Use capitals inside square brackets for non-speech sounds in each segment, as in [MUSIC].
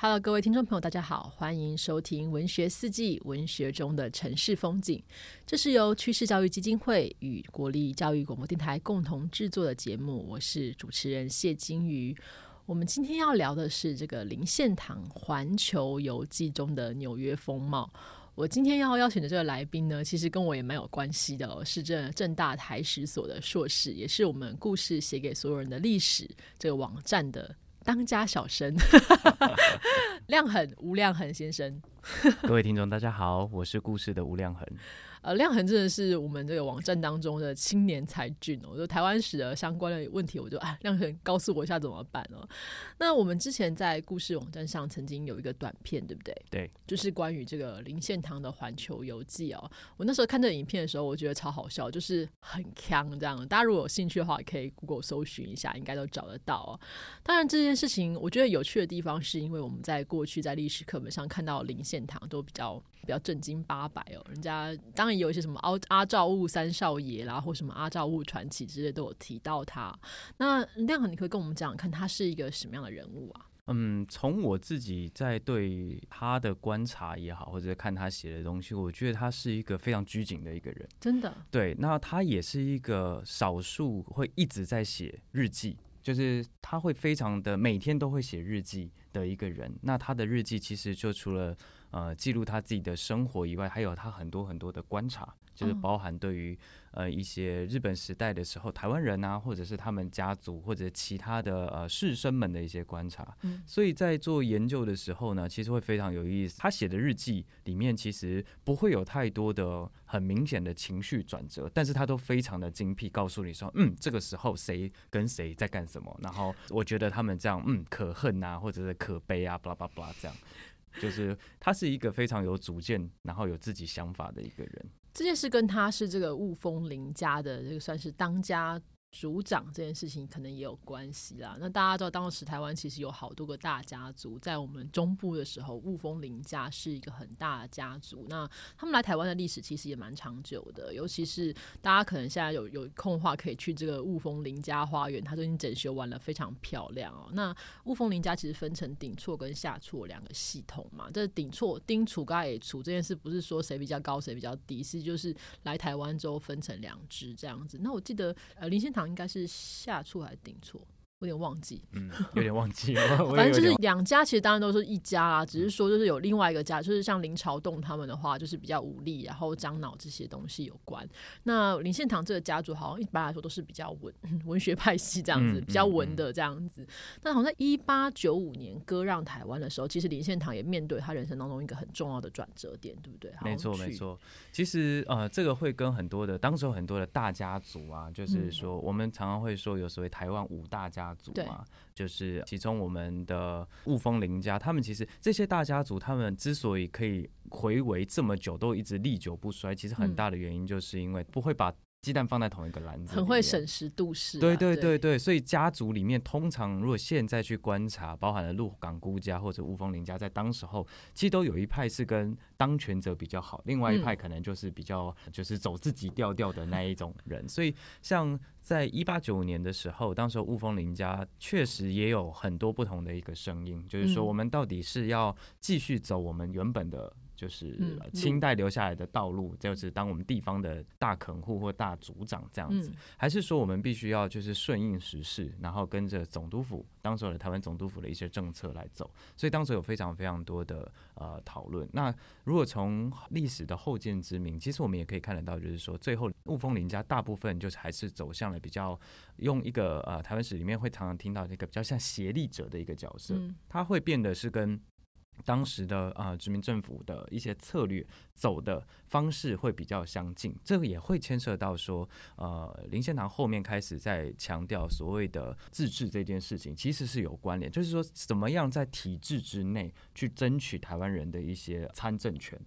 Hello，各位聽眾朋友，大家好，歡迎收聽《文學四季》，文學中的城市風景。這是由趨勢教育基金會與國立教育廣播電台共同製作的節目，我是主持人謝金魚。我們今天要聊的是這個林獻堂環球遊記中的紐約風貌。我今天要邀請的這個來賓呢，其實跟我也蠻有關係的哦，是政政大台史所的碩士，也是我們《故事寫給所有人的歷史》這個網站的。當家小生 [LAUGHS] 亮、亮衡，吳亮衡先生 [LAUGHS] 。各位聽眾，大家好，我是故事的吳亮衡。呃，亮衡真的是我們這個網站當中的青年才俊哦。我就台灣史的相關的問題，我就哎，亮衡告訴我一下怎麼辦哦。那我們之前在故事網站上曾經有一個短片，對不對？對，就是關於這個林獻堂的環球遊記哦。我那時候看這個影片的時候，我覺得超好笑，就是很嗆這樣。大家如果有興趣的話，可以 Google 搜尋一下，應該都找得到哦。當然，這件事情我覺得有趣的地方，是因為我們在過去在歷史課本上看到林獻堂都比較。比較正經八百哦，人家當然有一些什麼阿阿罩霧三少爺啦，或什麼阿罩霧傳奇之類都有提到他。那這樣，那你可，可以跟我們講，看他是一個什麼樣的人物啊？嗯，從我自己在對他的觀察也好，或者看他寫的東西，我覺得他是一個非常拘謹的一個人。真的？對，那他也是一個少數會一直在寫日記，就是他會非常的每天都會寫日記的一個人。那他的日記其實就除了。呃，記錄他自己的生活以外，還有他很多很多的觀察，嗯、就是包含對於呃一些日本時代的時候台灣人啊，或者是他們家族或者其他的呃士紳們的一些觀察、嗯。所以在做研究的時候呢，其實會非常有意思。他寫的日記裡面其實不會有太多的很明顯的情緒轉折，但是他都非常的精闢，告訴你說，嗯，這個時候誰跟誰在幹什麼，然後我覺得他們這樣，嗯，可恨啊，或者是可悲啊，巴拉巴拉這樣。 [LAUGHS] 就是他是一個非常有主見，然後有自己想法的一個人。這件事跟他是這個霧峰林家的這個算是當家。族長這件事情可能也有關係啦。那大家知道，當時台灣其實有好多個大家族，在我們中部的時候，霧峰林家是一個很大的家族。那他們來台灣的歷史其實也蠻長久的，尤其是大家可能現在有有空話可以去這個霧峰林家花園，他最近整修完了，非常漂亮哦、喔。那霧峰林家其實分成頂厝跟下厝兩個系統嘛。這頂厝、丁厝、高矮厝這件事，不是說誰比較高誰比較低，是就是來台灣之後分成兩支這樣子。那我記得呃林獻堂。應該是下錯還是頂錯？有點忘記，嗯，有點忘記。 [LAUGHS] 反正就是兩家，其實當然都是一家啦、啊嗯，只是說就是有另外一個家，就是像林朝棟他們的話，就是比較武力，然後樟腦這些東西有關。那林獻堂這個家族好像一般來說都是比較文文學派系這樣子，嗯，比較文的這樣子。那、嗯嗯、好像在一八九五年割讓台灣的時候，其實林獻堂也面對他人生當中一個很重要的轉折點，對不對？沒錯，沒錯。其實呃，這個會跟很多的當時很多的大家族啊，就是說、嗯，我們常常會說有所謂台灣五大家族。家族嘛，就是其中我們的霧峰林家，他們其實這些大家族，他們之所以可以回圍這麼久，都一直歷久不衰，其實很大的原因就是因為不會把。雞蛋放在同一個籃子，很會審時度勢。對對對對，對，所以家族裡面通常，如果現在去觀察，包含了鹿港辜家或者霧峰林家，在當時候其實都有一派是跟當權者比較好，另外一派可能就是比較就是走自己調調的那一種人。所以像在一八九五年的時候，當時候霧峰林家確實也有很多不同的一個聲音，就是說我們到底是要繼續走我們原本的。就是清代留下來的道路，嗯、就是當我們地方的大墾戶或大族長這樣子，嗯，還是說我們必須要就是順應時勢，然後跟着總督府當時的台灣總督府的一些政策來走。所以當時有非常非常多的呃討論。那如果從歷史的後見之明，其實我們也可以看得到，就是說最後霧峰林家大部分就是還是走向了比較用，一個呃台灣史裡面會常常聽到一個比較像協力者的一個角色，他，嗯、會變得是跟。當時的啊、呃、殖民政府的一些策略走的方式會比較相近，這個也會牽涉到說，呃，林獻堂後面開始在強調所謂的自治這件事情，其實是有關聯，就是說怎麼樣在體制之內去爭取台灣人的一些參政權。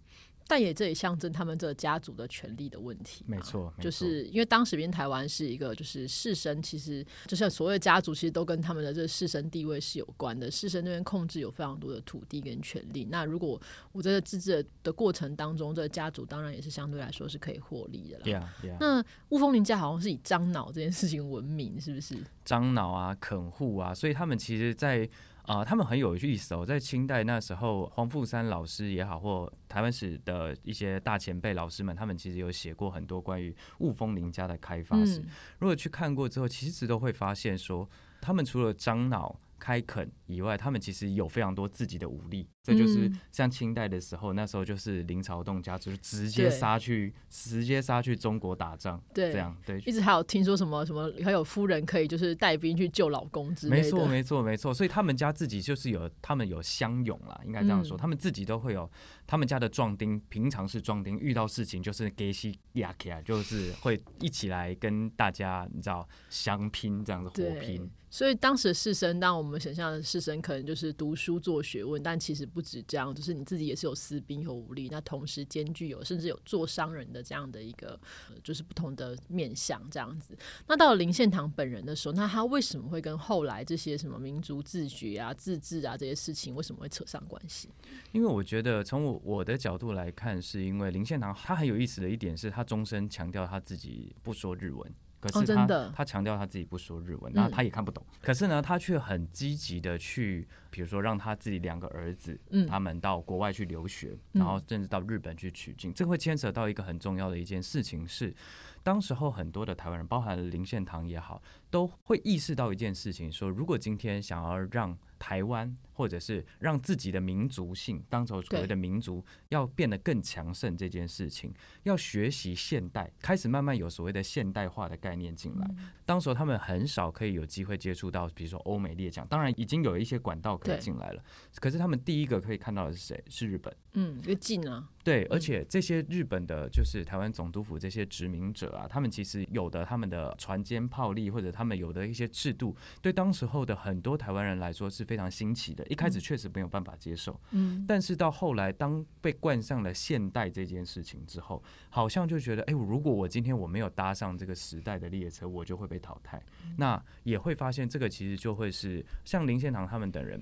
但也這也象徵他們這個家族的權力的問題嘛。沒錯，就是因為當時邊台灣是一個就是士紳，其實就是所有家族，其實都跟他們的這個士紳地位是有關的。士紳那邊控制有非常多的土地跟權利。那如果我在這自治的過程當中，這個家族當然也是相對來說是可以獲利的啦。Yeah, yeah. 那霧峰林家好像是以樟腦這件事情聞名，是不是？樟腦啊，墾戶啊，所以他們其實，在啊、呃，他們很有意思哦。在清代那時候，黃富三老師也好，或台灣史的一些大前輩老師們，他們其實有寫過很多關於霧峰林家的開發史。如果去看過之後，其實都會發現說，他們除了樟腦開墾以外，他們其實有非常多自己的武力。這就是像清代的時候，嗯、那時候就是林朝棟家族、就是、直接殺去，直接殺去中國打仗，對，這樣對。一直還有聽說什麼什麼，還有夫人可以就是帶兵去救老公之類的。沒錯，沒錯，沒錯。所以他們家自己就是有，他們有鄉勇啦，應該這樣說、嗯，他們自己都會有，他們家的壯丁，平常是壯丁，遇到事情就是給西亞克啊，就是會一起來跟大家，你知道，相拼這樣子火拼。所以當時士紳，當我們想象的士紳，可能就是讀書做學問，但其實。不止這樣，就是你自己也是有私兵有武力，那同時兼具有甚至有做商人的這樣的一個，呃、就是不同的面向這樣子。那到了林獻堂本人的時候，那他為什麼會跟後來這些什麼民族自覺啊、自治啊這些事情為什麼會扯上關係？因為我覺得從我我的角度來看，是因為林獻堂他很有意思的一點是他終身強調他自己不說日文。可是他、oh, 的他強調他自己不說日文，那他也看不懂。嗯、可是呢，他卻很積極的去，比如說讓他自己兩個兒子、嗯，他們到國外去留學，然後甚至到日本去取經。這、嗯、會牽扯到一個很重要的一件事情是，是當時候很多的台灣人，包含了林獻堂也好，都會意識到一件事情說：說如果今天想要讓台灣，或者是讓自己的民族性，當時候所謂的民族要變得更強盛這件事情，要學習現代，開始慢慢有所謂的現代化的概念進來、嗯。當時候他們很少可以有機會接觸到，比如說歐美列強，當然已經有一些管道可以進來了。可是他們第一個可以看到的是誰？是日本。嗯，越近啊。對，而且這些日本的，就是台灣總督府這些殖民者啊、嗯，他們其實有的他們的船堅炮利，或者他們有的一些制度，對當時候的很多台灣人來說是。非常新奇的，一開始確實沒有辦法接受，嗯，但是到後來，當被冠上了現代這件事情之後，好像就覺得，哎、欸，如果我今天我沒有搭上這個時代的列車，我就會被淘汰。嗯，那也會發現，這個其實就會是像林獻堂他們等人。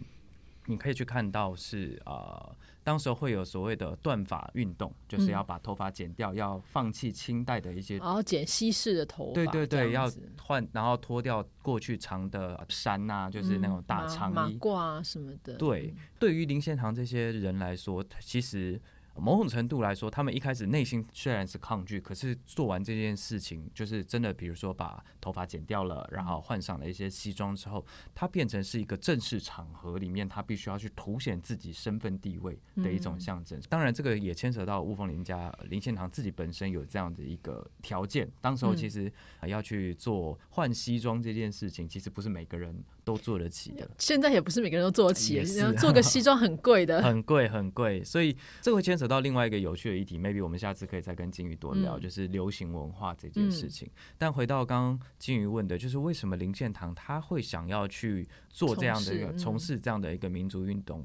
你可以去看到是呃，當時候會有所謂的斷髮運動，就是要把頭髮剪掉，嗯、要放棄清代的一些，然後剪西式的頭髮，對對對，要換，然後脫掉過去長的衫吶、啊，就是那種大長衣、嗯、馬褂、啊、什麼的。對，對於林獻堂這些人來說，其實。某種程度來說，他們一開始內心雖然是抗拒，可是做完這件事情，就是真的，比如說把頭髮剪掉了，然後換上了一些西裝之後，它變成是一個正式場合裡面他必須要去凸顯自己身份地位的一種象徵。嗯、當然，這個也牽扯到霧峰林家林獻堂自己本身有這樣的一個條件。當時候其實要去做換西裝這件事情，其實不是每個人。都做得起的，現在也不是每個人都做得起，也是啊、做個西裝很貴的， [LAUGHS] 很貴很貴，所以這會牽扯到另外一個有趣的議題，maybe 我們下次可以再跟金魚多聊，嗯、就是流行文化這件事情。嗯、但回到剛剛金魚問的，就是為什麼林獻堂他會想要去做這樣的一個從事，從事這樣的一個民族運動？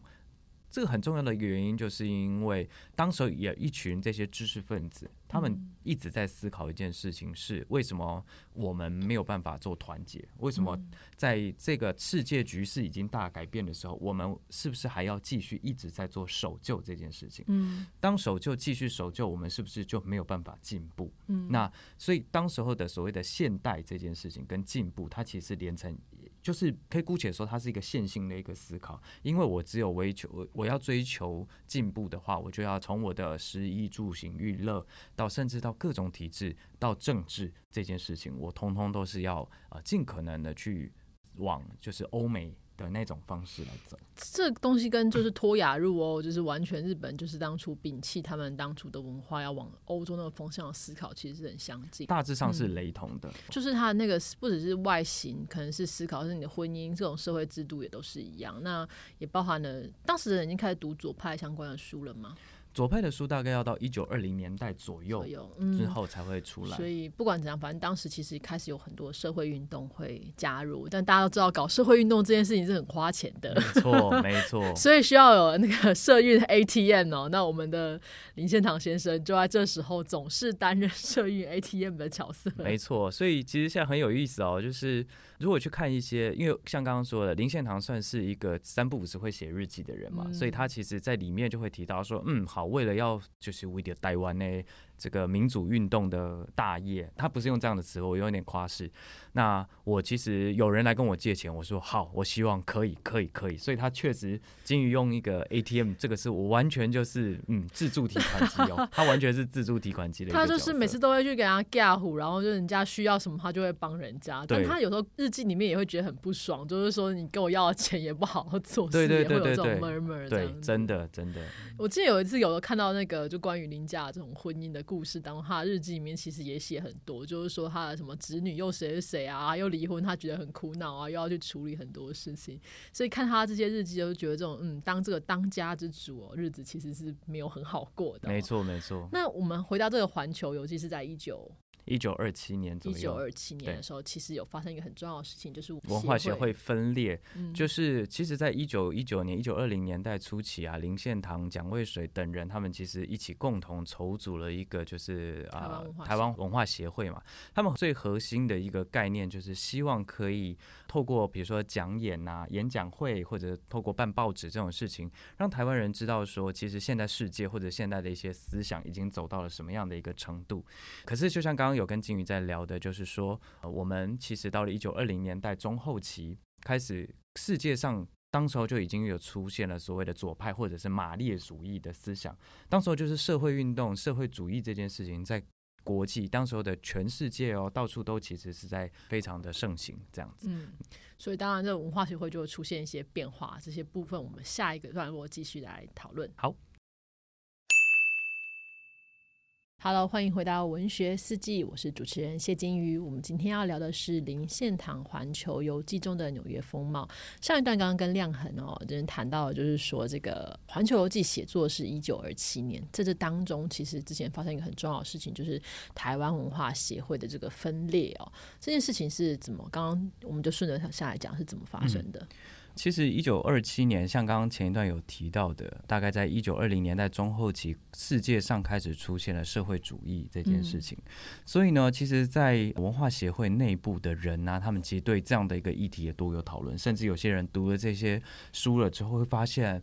這個很重要的一個原因，就是因為當時也有一群這些知識分子，他們一直在思考一件事情：是為什麼我們沒有辦法做團結？為什麼在這個世界局勢已經大改變的時候，我們是不是還要繼續一直在做守舊這件事情？當守舊繼續守舊，我們是不是就沒有辦法進步？那所以當時候的所謂的現代這件事情跟進步，它其實連成。就是可以姑且說，它是一個線性的一個思考，因為我只有為求，我要追求進步的話，我就要從我的食衣住行娛樂，到甚至到各種體制，到政治這件事情，我通通都是要啊，呃，盡可能的去往就是歐美。的那種方式來走，這個東西跟就是脫亞入歐， [LAUGHS] 就是完全日本就是當初摒棄他們當初的文化，要往歐洲那個方向思考，其實是很相近。大致上是雷同的，嗯、就是他那個不只是外形，可能是思考，是你的婚姻這種社會制度也都是一樣。那也包含了當時的人已經開始讀左派相關的書了嗎？左派的書大概要到一九二零年代左右，哦嗯、之後才會出來，所以不管怎樣，反正當時其實開始有很多社會運動會加入，但大家都知道搞社會運動這件事情是很花錢的，沒錯沒錯， [LAUGHS] 所以需要有那個社運 ATM 哦。那我們的林獻堂先生就在這時候總是擔任社運 ATM 的角色，沒錯。所以其實現在很有意思哦，就是。如果去看一些，因為像剛剛說的，林獻堂算是一個三不五時會寫日記的人嘛、嗯，所以他其實在裡面就會提到說，嗯，好，為了要就是為了台灣呢，這個民主運動的大業，他不是用這樣的詞，我有點誇飾。那我其實有人來跟我借錢，我說好，我希望可以，可以，可以。所以他確實近於用一個 ATM，這個是我完全就是嗯自助提款機用， [LAUGHS] 他完全是自助提款機的。他就是每次都會去給他加唬，然後就人家需要什麼，他就會幫人家。但他有時候日記裡面也會覺得很不爽，就是說你跟我要錢也不好好做事， [LAUGHS] 也會有這種 murmur 這樣。對對對對對，真的，真的。我記得有一次，有時候看到那個就關於林家的這種婚姻的故事當中，他的日記裡面其實也寫很多，就是說他的什麼侄女又誰誰誰。呀、啊，又離婚，他覺得很苦惱啊，又要去處理很多事情，所以看他這些日記，就覺得這種嗯，當這個當家之主哦、喔，日子其實是沒有很好過的。沒錯，沒錯。那我們回到這個環球，尤其是在一九。一九二七年左右，一九二七年的時候，其實有發生一個很重要的事情，就是文化協會分裂、嗯。就是其實，在一九一九年、一九二零年代初期啊，林獻堂、蔣渭水等人，他們其實一起共同籌組了一個，就是啊、呃，台灣文化協會嘛。他們最核心的一個概念，就是希望可以透過比如說講演吶、啊、演講會，或者透過辦報紙這種事情，讓台灣人知道說，其實現代世界或者現代的一些思想已經走到了什麼樣的一個程度。可是，就像剛有跟金宇在聊的，就是說、呃，我們其實到了一九二零年代中後期，開始世界上當時候就已經有出現了所謂的左派或者是馬列主義的思想。當時候就是社會運動、社會主義這件事情，在國際當時候的全世界哦，到處都其實是在非常的盛行這樣子。嗯，所以當然這文化協會就會出現一些變化，這些部分我們下一個段落繼續來討論。好。Hello，歡迎回到文學四季，我是主持人謝金魚。我們今天要聊的是林獻堂《環球遊記》中的紐約風貌。上一段剛剛跟亮衡，哦，就是談到了就是說，這個《環球遊記》寫作是一九二七年，在這當中，其實之前發生一個很重要的事情，就是台灣文化協會的這個分裂哦。這件事情是怎麼？剛剛我們就順着下來講是怎麼發生的。嗯其實，一九二七年，像剛剛前一段有提到的，大概在一九二零年代中後期，世界上開始出現了社會主義這件事情。嗯、所以呢，其實，在文化協會內部的人呢、啊，他們其實對這樣的一個議題也都有討論，甚至有些人讀了這些書了之後，會發現。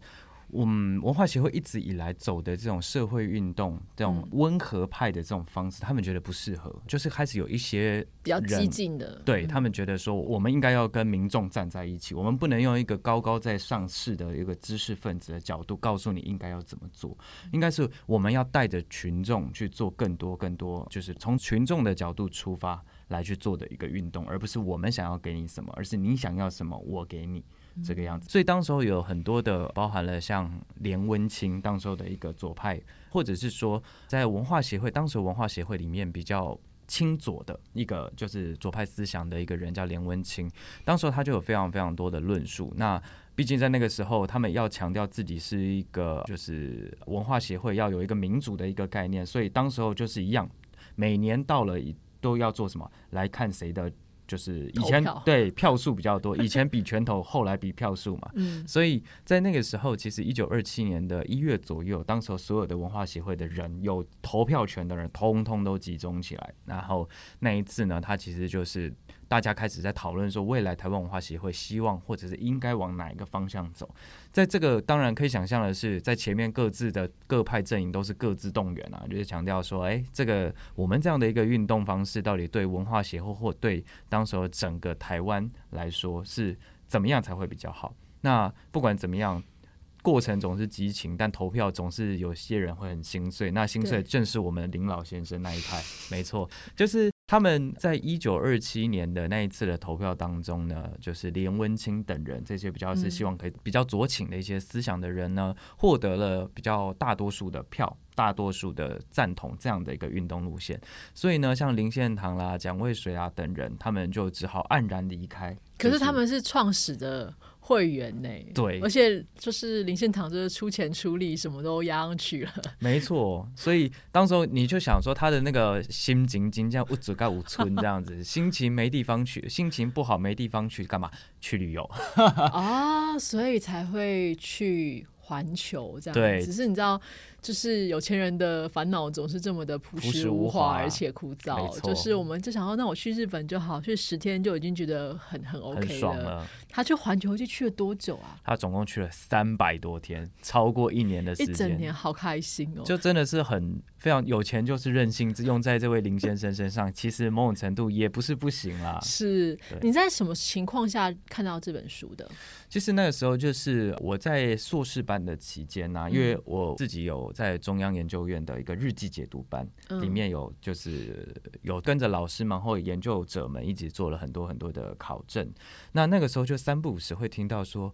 我們文化協會一直以來走的這種社會運動，這種溫和派的這種方式，嗯、他們覺得不適合，就是開始有一些比較激進的。對他們覺得說，我們應該要跟民眾站在一起，嗯，我們不能用一個高高在上式的，一個知識分子的角度告訴你應該要怎麼做，應該是我們要帶着群眾去做更多、更多，就是從群眾的角度出發來去做的一個運動，而不是我們想要給你什麼，而是你想要什麼，我給你。這個樣子，所以當時候有很多的包含了像連溫卿，當時候的一個左派，或者是說在文化協會，當時文化協會裡面比較親左的一個就是左派思想的一個人叫連溫卿，當時候他就有非常非常多的論述。那畢竟在那個時候，他們要強調自己是一個就是文化協會要有一個民主的一個概念，所以當時候就是一樣，每年到了都要做什麼來看誰的。就是以前投票，對，票數比較多。以前比拳頭， [LAUGHS] 後來比票數嘛、嗯。所以在那個時候，其實一九二七年的一月左右，當時所有的文化協會的人，有投票權的人，通通都集中起來。然後那一次呢，他其實就是。大家開始在討論說，未來台灣文化協會希望或者是應該往哪一個方向走？在這個當然可以想象的是，在前面各自的各派陣營都是各自動員啊，就是強調說：“哎，這個我們這樣的一個運動方式，到底對文化協會或對當時整個台灣來說是怎麼樣才會比較好？”那不管怎麼樣，過程總是激情，但投票總是有些人會很心碎。那心碎正是我們林老先生那一派，沒錯，就是。他們在一九二七年的那一次的投票當中呢，就是連溫卿等人這些比較是希望可以比較左傾的一些思想的人呢、嗯，獲得了比較大多數的票，大多數的贊同這樣的一個運動路線。所以呢，像林獻堂啦、蔣渭水啊等人，他們就只好黯然離開。可是他們是創始的。會員呢，欸？對，而且就是林獻堂，就是出錢出力，什麼都押上去了。沒錯，所以當時你就想說，他的那個心情，真的無止干無存這樣子， [LAUGHS] 心情沒地方去，心情不好沒地方去幹，幹嘛去旅遊？ [LAUGHS] 啊，所以才會去環球這樣子。對，只是你知道。就是有錢人的煩惱總是這麼的樸實無華，而且枯燥。沒錯，就是我們就想要，那我去日本就好，去十天就已經覺得很很 OK 了。很爽了。他去環球去去了多久啊？他總共去了三百多天，超過一年的時間。一整年，好開心哦！就真的是很非常有錢，就是任性。用在這位林先生身上， [LAUGHS] 其實某種程度也不是不行啦。是，你在什麼情況下看到這本書的？其實那個時候就是我在碩士班的期間啊、嗯，因為我自己有。在中央研究院的一個日記解讀班，裡面有就是有跟着老師們或研究者們，一起做了很多很多的考證。那那個時候就三不五時會聽到說，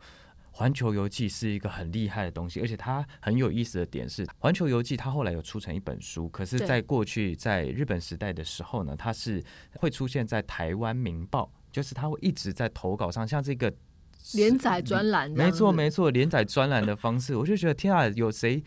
《環球遊記》是一個很厲害的東西，而且它很有意思的點是，《環球遊記》它後來有出成一本書，可是，在過去在日本時代的時候呢，它是會出現在台灣《民報》，就是它會一直在投稿上像這個連載專欄，沒錯沒錯，連載專欄的方式， [LAUGHS] 我就覺得天啊，有誰？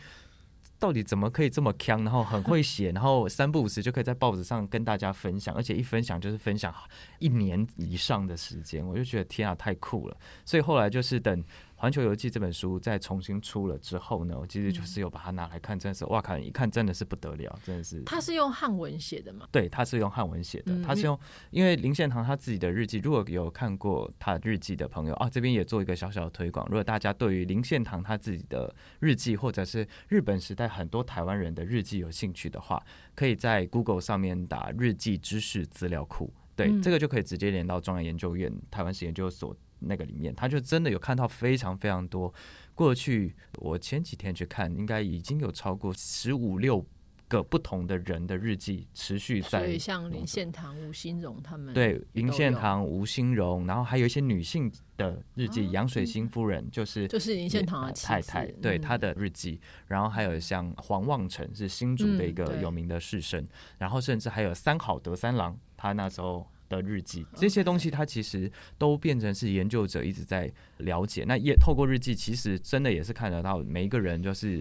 到底怎麼可以這麼強？然後很會寫，然後三不五時就可以在報紙上跟大家分享，而且一分享就是分享一年以上的時間，我就覺得天啊，太酷了！所以後來就是等。《環球遊記》這本書在重新出了之後呢，我其實就是有把它拿來看，真的是，哇，看一看真的是不得了，真的是。它是用漢文寫的嗎？對，它是用漢文寫的、嗯。它是用，因為林獻堂他自己的日記，如果有看過他日記的朋友啊，這邊也做一個小小的推廣。如果大家對於林獻堂他自己的日記，或者是日本時代很多台灣人的日記有興趣的話，可以在 Google 上面打“日記知識資料庫”，對、嗯，這個就可以直接連到中央研究院台灣史研究所。那個裡面，他就真的有看到非常非常多。過去我前幾天去看，應該已經有超過十五六個不同的人的日記持續在。對，像林獻堂、吳新榮他們。對林獻堂、吳新榮，然後還有一些女性的日記，楊、啊、水心夫人就是就是林獻堂的、呃、太太，對她的日記、嗯。然後還有像黃旺成，是新竹的一個有名的士紳、嗯，然後甚至還有三好德三郎，他那時候的日記這些東西，他其實都變成是研究者一直在了解。Okay. 那也透過日記，其實真的也是看得到每一個人，就是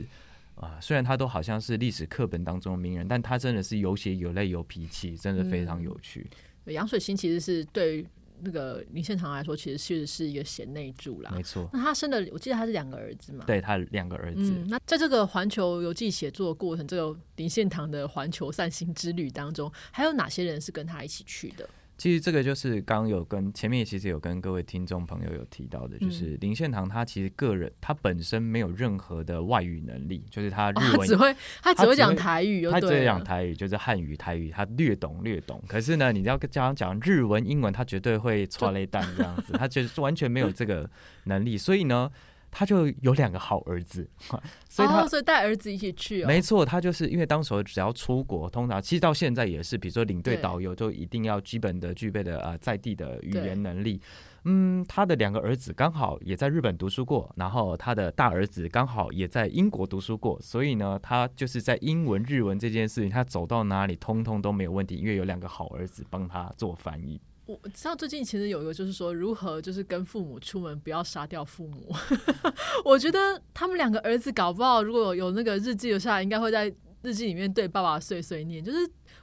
啊、呃，雖然他都好像是歷史課本當中的名人，但他真的是有血有淚有脾氣，真的非常有趣。楊、嗯、水心其實是對那個林獻堂來說，其實確實是一個賢內助啦，沒錯。那他生的，我記得他是兩個兒子嘛，對他兩個兒子、嗯。那在這個環球遊記寫作過程，這個林獻堂的環球散心之旅當中，還有哪些人是跟他一起去的？其實這個就是剛有跟前面其實有跟各位聽眾朋友有提到的，就是林獻堂他其實個人他本身沒有任何的外語能力，就是他日文他只會他只會講台語，他只會講台語，就是漢語台語他略懂略懂，可是呢，你要跟家長講日文英文，他絕對會錯了一大這樣子，他就是完全沒有這個能力，所以呢。他就有兩個好兒子，所以他、哦、所以帶兒子一起去、哦。沒錯，他就是因為當時只要出國，通常其實到現在也是，比如說領隊導遊就一定要基本的具備的呃在地的語言能力。嗯，他的兩個兒子剛好也在日本讀書過，然後他的大兒子剛好也在英國讀書過，所以呢，他就是在英文、日文這件事情，他走到哪裡通通都沒有問題，因為有兩個好兒子幫他做翻譯。我知道最近其實有一個，就是說如何就是跟父母出門不要殺掉父母。 [LAUGHS] 我覺得他們兩個兒子搞不好，如果有那個日記留下來，應該會在日記裡面對爸爸碎碎念，就是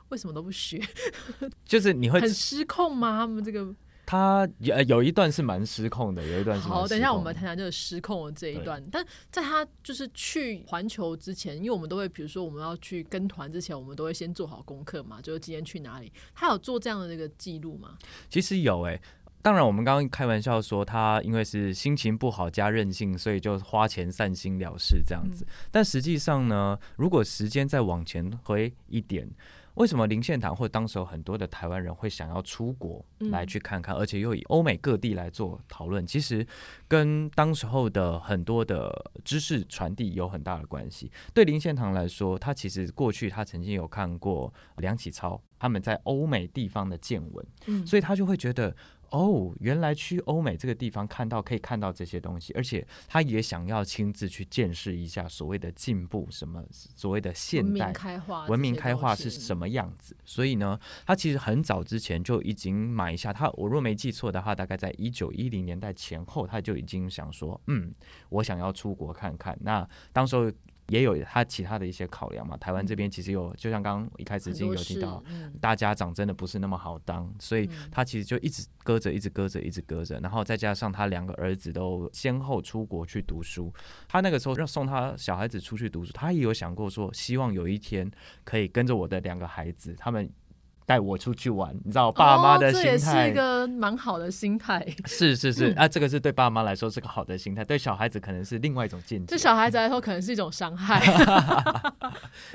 為什麼都不學 [LAUGHS] 。就是你會很失控嗎？他們這個？他有有一段是蠻失控的，有一段是失控的。好，等一下，我們談談這個失控的這一段。但在他就是去環球之前，因為我們都會，比如說我們要去跟團之前，我們都會先做好功課嘛，就是今天去哪裡。他有做這樣的那個記錄嗎？其實有誒、欸，當然我們剛剛開玩笑說他因為是心情不好加任性，所以就花錢散心了事這樣子。嗯。但實際上呢，如果時間再往前回一點。為什麼林獻堂或者，當時很多的台灣人會想要出國來去看看，而且又以歐美各地來做討論？其實跟當時候的很多的知識傳遞有很大的關係。對林獻堂來說，他其實過去他曾經有看過梁啟超他們在歐美地方的見聞，所以他就會覺得。哦，原來去歐美這個地方看到可以看到這些東西，而且他也想要親自去見識一下所謂的進步，什麼所謂的現代、文明、開化、文明開化是什麼樣子。所以呢，他其實很早之前就已經買下他。我若沒記錯的話，大概在一九一零年代前後，他就已經想說，嗯，我想要出國看看。那當時候，也有他其他的一些考量嘛，台灣這邊其實有，就像剛剛一開始已經有提到，嗯，大家長真的不是那麼好當，所以他其實就一直擱着，一直擱着，一直擱着，然後再加上他兩個兒子都先後出國去讀書，他那個時候要送他小孩子出去讀書，他也有想過說，希望有一天可以跟着我的兩個孩子他們。帶我出去玩，你知道，爸媽的心態、oh, 這也是一個蠻好的心態。是是是、嗯、啊，這個是對爸媽來說是個好的心態，對小孩子可能是另外一種見解。對小孩子來說，可能是一種傷害。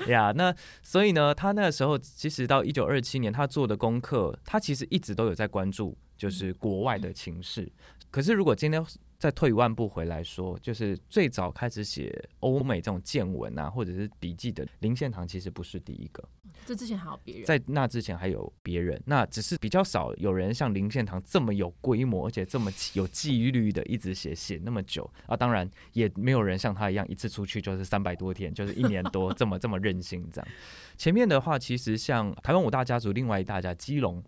呀 [LAUGHS] [LAUGHS] ，yeah, 那所以呢，他那個時候其實到一九二七年，他做的功課，他其實一直都有在關注，就是國外的情勢。嗯、可是如果今天。再退一萬步回來說，就是最早開始寫歐美這種見聞啊，或者是筆記的林獻堂其實不是第一個，嗯、這之前還有別人，在那之前還有別人，那只是比較少有人像林獻堂這麼有規模，而且這麼有紀律的一直寫，寫那麼久啊。當然也沒有人像他一樣一次出去就是三百多天，就是一年多這麼這麼任性這樣。 [LAUGHS] 前面的話，其實像台灣五大家族，另外一大家基隆。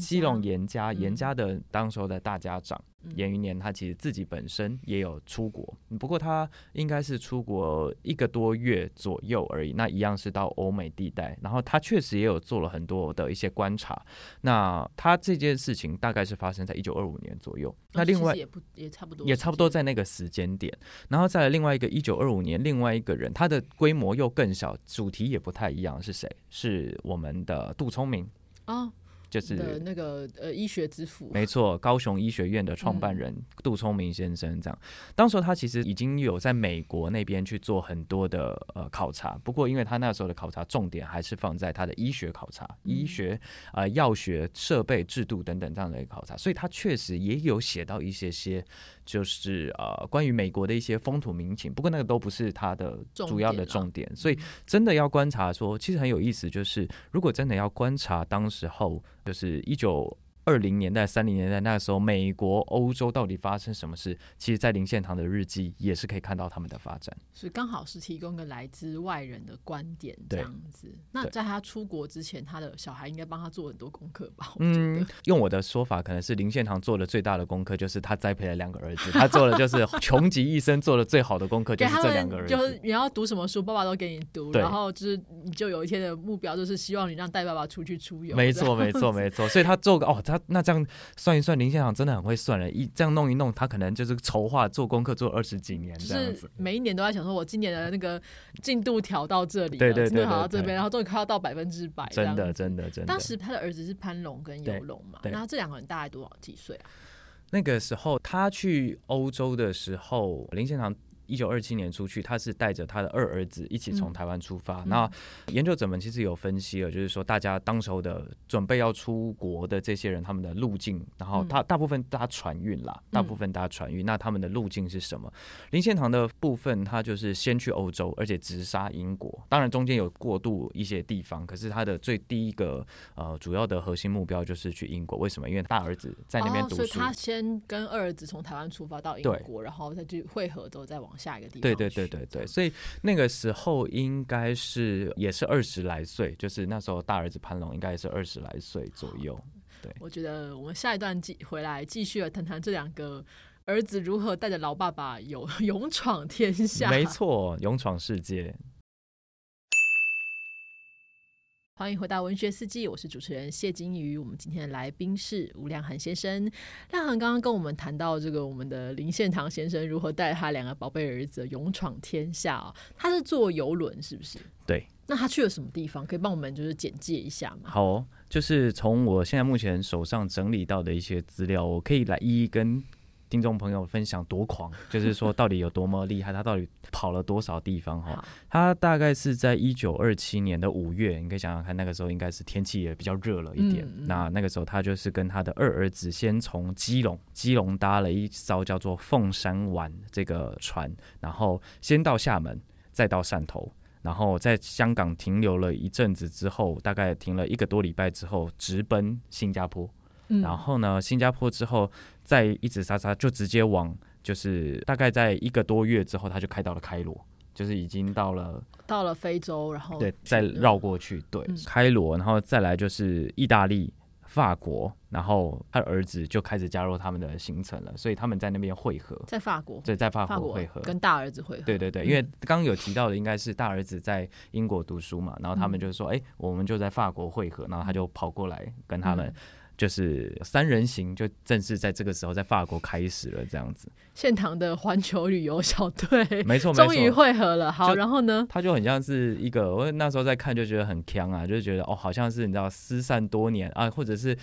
基隆顏家，顏、嗯、家的當時候的大家長，顏雲、嗯、年，他其實自己本身也有出國，不過他應該是出國一個多月左右而已。那一樣是到歐美地帶，然後他確實也有做了很多的一些觀察。那他這件事情大概是發生在一九二五年左右。哦、那另外也，也差不多，也差不多在那個時間點。然後在另外一個一九二五年，另外一個人他的規模又更小，主題也不太一樣。是誰？是我們的杜聰明、哦就是那個呃，醫學之父，沒錯，高雄醫學院的創辦人、嗯、杜聰明先生這樣。當時候他其實已經有在美國那邊去做很多的呃考察，不過因為他那時候的考察重點還是放在他的醫學考察、嗯、醫學啊、呃、藥學設備制度等等這樣的一個考察，所以他確實也有寫到一些些，就是呃關於美國的一些風土民情。不過那個都不是他的主要的重點，重點所以真的要觀察說，其實很有意思，就是如果真的要觀察當時候。就是一九。二零年代、三零年代那個時候，美國、歐洲到底發生什麼事？其實，在林獻堂的日記也是可以看到他們的發展。所以剛好是提供個來自外人的觀點，這樣子。那在他出國之前，他的小孩應該幫他做很多功課吧？嗯，用我的說法，可能是林獻堂做的最大的功課，就是他栽培了兩個兒子。 [LAUGHS] 他做的就是窮極一生做的最好的功課，就是這兩個兒子。就是你要讀什麼書，爸爸都給你讀。然後就是，你就有一天的目標，就是希望你讓帶爸爸出去出遊。沒錯，沒錯，沒錯。所以他做個哦他。那這樣算一算，林先生真的很會算了。一這樣弄一弄，他可能就是籌劃、做功課做二十幾年，的、就是每一年都在想說，我今年的那個進度調到這裡，對對對，對，對，對，進度調到這邊，然後終於快要到百分之百。對對對對。真的，真的，真的。當時他的兒子是潘龍跟游龍嘛，然後這兩個人大概多少幾歲啊？那個時候他去歐洲的時候，林先生。一九二七年出去，他是帶着他的二兒子一起從台灣出發，嗯。那研究者們其實有分析了，就是說大家當時候的準備要出國的這些人，他們的路徑，然後大大部分大家船運啦，大部分大家船運，嗯。那他們的路徑是什麼？林獻堂的部分，他就是先去歐洲，而且直殺英國。當然中間有過渡一些地方，可是他的最第一個呃主要的核心目標就是去英國。為什麼？因為他大兒子在那邊讀書，哦、他先跟二兒子從台灣出發到英國，然後再去會合，之後再往。下一個地方去，對對對對對，所以那個時候應該是也是二十來歲，就是那時候大兒子潘龍應該也是二十來歲左右。對，我覺得我們下一段繼回來繼續來談談這兩個兒子如何帶着老爸爸有勇闖天下。沒錯，勇闖世界。 [LAUGHS] 歡迎回到文學四季，我是主持人謝金魚。我們今天的來賓是吳亮衡先生。亮衡剛剛跟我們談到這個，我們的林獻堂先生如何帶他兩個寶貝兒子勇闖天下啊、哦？他是坐遊輪，是不是？對。那他去了什麼地方？可以幫我們就是簡介一下嗎？好、哦，就是從我現在目前手上整理到的一些資料，我可以來一一跟。聽眾朋友分享多狂，就是說到底有多麼厲害， [LAUGHS] 他到底跑了多少地方哈？他大概是在一九二七年的五月，你可以想想看，那個時候應該是天氣也比較熱了一點、嗯。那那個時候他就是跟他的二兒子先從基隆，基隆搭了一艘叫做鳳山丸這個船，然後先到廈門，再到汕頭，然後在香港停留了一陣子之後，大概停了一個多禮拜之後，直奔新加坡。然後呢，新加坡之後再一直殺殺，就直接往就是大概在一個多月之後，他就開到了開羅，就是已經到了到了非洲，然後對，再繞過去，對、嗯、開羅，然後再來就是意大利、法國，然後他兒子就開始加入他們的行程了，所以他們在那邊會合，在法國對，在法國會合，跟大兒子會合。對對對，因為剛剛有提到的應該是大兒子在英國讀書嘛，嗯、然後他們就說：“哎，我們就在法國會合。”然後他就跑過來跟他們。嗯就是三人行，就正式在這個時候，在法國開始了這樣子。獻堂的環球旅遊小隊，沒錯，終於會合了。好，然後呢？他就很像是一個，我那時候在看，就覺得很強啊，就覺得哦，好像是你知道失散多年啊，或者是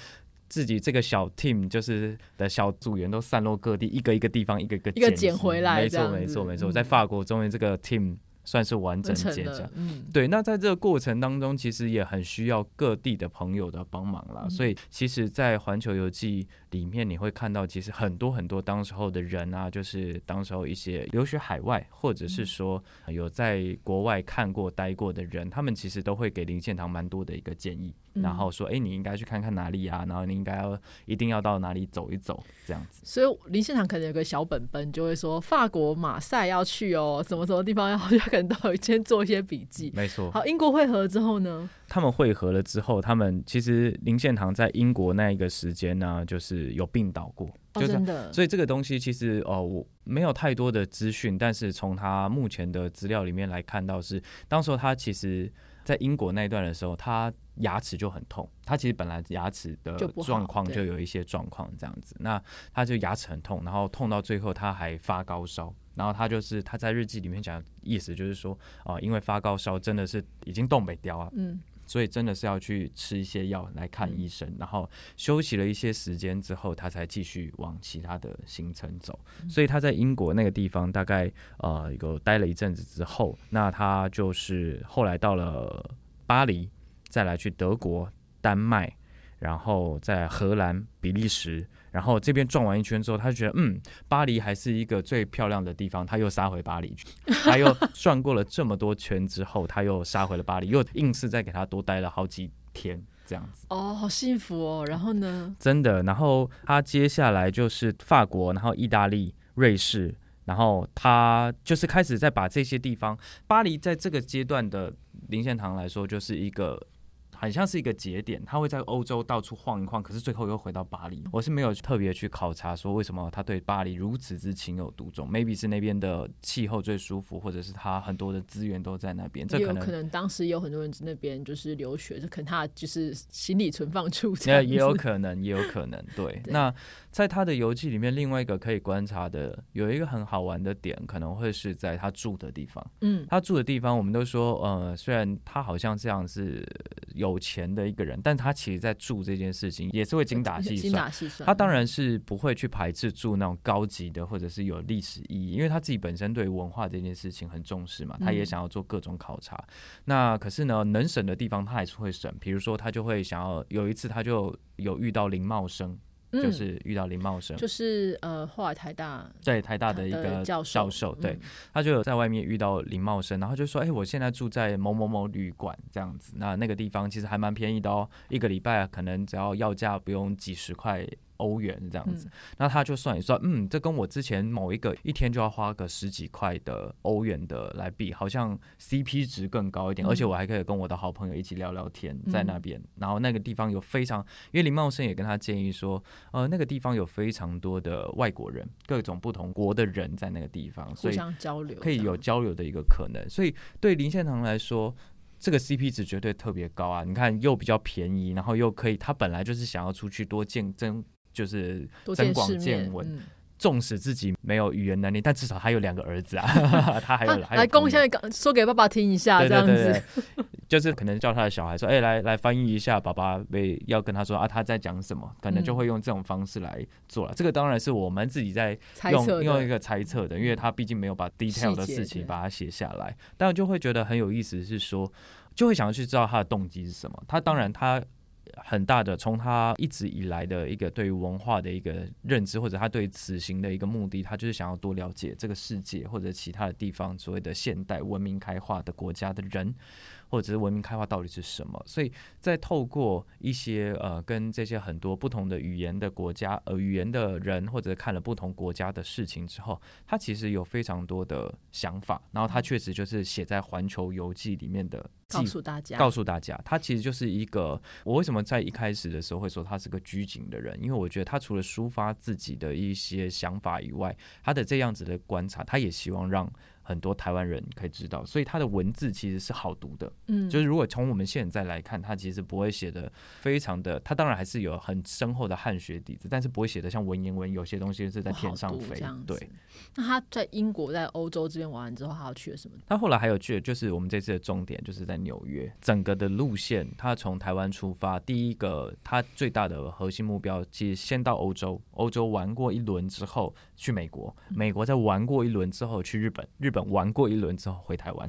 自己這個小 team 就是的小組員都散落各地，一個一個地方，一個一個撿回來。沒錯，沒錯，沒錯、嗯，在法國終於這個 team。算是完整結賬、嗯，對。那在這個過程當中，其實也很需要各地的朋友的幫忙啦。嗯、所以，其實在，在環球遊記裡面，你會看到其實很多很多當時候的人啊，就是當時候一些留學海外或者是說有在國外看過待過的人，嗯、他們其實都會給林獻堂蠻多的一個建議。嗯、然後說，哎、欸，你應該去看看哪裡啊。然後你應該要一定要到哪裡走一走，這樣子。所以林獻堂可能有個小本本，就會說法國馬賽要去哦，什麼什麼地方要去，可能都有先做一些筆記。沒錯。好，英國會合之後呢？他們會合了之後，他們其實林獻堂在英國那一個時間呢，就是有病倒過，哦、就真的。所以這個東西其實哦，我沒有太多的資訊，但是從他目前的資料裡面來看到是，當時候他其實在英國那一段的時候，他。牙齒就很痛，他其實本來牙齒的狀況就有一些狀況，這樣子。那他就牙齒很痛，然後痛到最後他還發高燒，然後他就是他在日記裡面講的意思就是說啊、呃，因為發高燒真的是已經凍未條啊，嗯，所以真的是要去吃一些藥來看醫生，嗯，然後休息了一些時間之後，他才繼續往其他的行程走。嗯、所以他在英國那個地方大概呃有、呃、待了一陣子之後，那他就是後來到了巴黎。再來去德國、丹麥，然後在荷蘭、比利時，然後這邊轉完一圈之後，他就覺得嗯，巴黎還是一個最漂亮的地方，他又殺回巴黎去。他又， [LAUGHS] 他又轉過了這麼多圈之後，他又殺回了巴黎，又硬是再給他多待了好幾天這樣子。哦、oh,，好幸福哦。然後呢？真的。然後他接下來就是法國，然後意大利、瑞士，然後他就是開始在把這些地方。巴黎在這個階段的林獻堂來說，就是一個。很像是一個節點，他會在歐洲到處晃一晃，可是最後又回到巴黎。嗯、我是沒有特別去考察，說為什麼他對巴黎如此之情有獨鍾 Maybe？maybe 是那邊的氣候最舒服，或者是他很多的資源都在那邊。也有可能，可能當時有很多人在那邊就是留學，就可能他就是行李存放處這。那也有可能，也有可能。對。 [LAUGHS] 對那在他的遊記裡面，另外一個可以觀察的，有一個很好玩的點，可能會是在他住的地方。嗯，他住的地方，我們都說，呃，雖然他好像這樣是有。有錢的一個人，但他其實，在住這件事情也是會精打細算。他當然是不會去排斥住那種高級的，或者是有歷史意義，因為他自己本身對文化這件事情很重視嘛。他也想要做各種考察。嗯、那可是呢，能省的地方他還是會省。比如說，他就會想要有一次，他就有遇到林茂生。就是遇到林茂生，嗯、就是呃，華台大對台大的一個教授，他教授對、嗯、他就有在外面遇到林茂生，然後就說，哎、欸，我現在住在某某某旅館這樣子，那那個地方其實還蠻便宜的哦，一個禮拜、啊、可能只要要價不用幾十塊，歐元這樣子，嗯，那他就算一算，嗯，這跟我之前某一個一天就要花個十幾塊的歐元的來比，好像 CP 值更高一點，嗯。而且我還可以跟我的好朋友一起聊聊天在那邊，嗯，然後那個地方有非常，因為林茂生也跟他建議說，呃，那個地方有非常多的外國人，各種不同國的人在那個地方，所以交流可以有交流的一個可能。所以對林獻堂來說，這個 CP 值絕對特別高啊！你看又比較便宜，然後又可以，他本來就是想要出去多見證。就是增廣見聞、嗯，縱使自己沒有語言能力、嗯，但至少還有兩個兒子啊，呵呵，他還有來供說給爸爸聽一下，這樣子，對對對對 [LAUGHS] 就是可能叫他的小孩說，哎、欸，來來翻譯一下，爸爸被要跟他說啊，他在講什麼，可能就會用這種方式來做了、嗯。這個當然是我們自己在用用一個猜測的，因為他畢竟沒有把 detail 的事情把它寫下來，但我就會覺得很有意思，是說就會想要去知道他的動機是什麼。他當然他。很大的，從他一直以來的一個對於文化的一個認知，或者他對此行的一個目的，他就是想要多了解這個世界或者其他的地方，所謂的現代文明開化的國家的人，或者是文明開化到底是什麼？所以，在透過一些呃，跟這些很多不同的語言的國家、呃語言的人，或者看了不同國家的事情之後，他其實有非常多的想法。然後他確實就是寫在《環球遊記》裡面的。告訴大家，告訴大家，他其實就是一個。我為什麼在一開始的時候會說他是個拘謹的人？因為我覺得他除了抒發自己的一些想法以外，他的這樣子的觀察，他也希望讓，很多台灣人可以知道，所以他的文字其實是好讀的。嗯，就是如果從我們現在來看，他其實不會寫的非常的，他當然還是有很深厚的漢學底子，但是不會寫的像文言文，有些東西是在天上飛。對。那他在英國，在歐洲這邊玩完之後，他要去了什麼？他後來還有去，就是我們這次的重點就是在紐約。整個的路線，他從台灣出發，第一個他最大的核心目標，其實先到歐洲，歐洲玩過一輪之後去美國，美國再玩過一輪之後去日本，嗯、日。本玩過一輪之後，回台灣。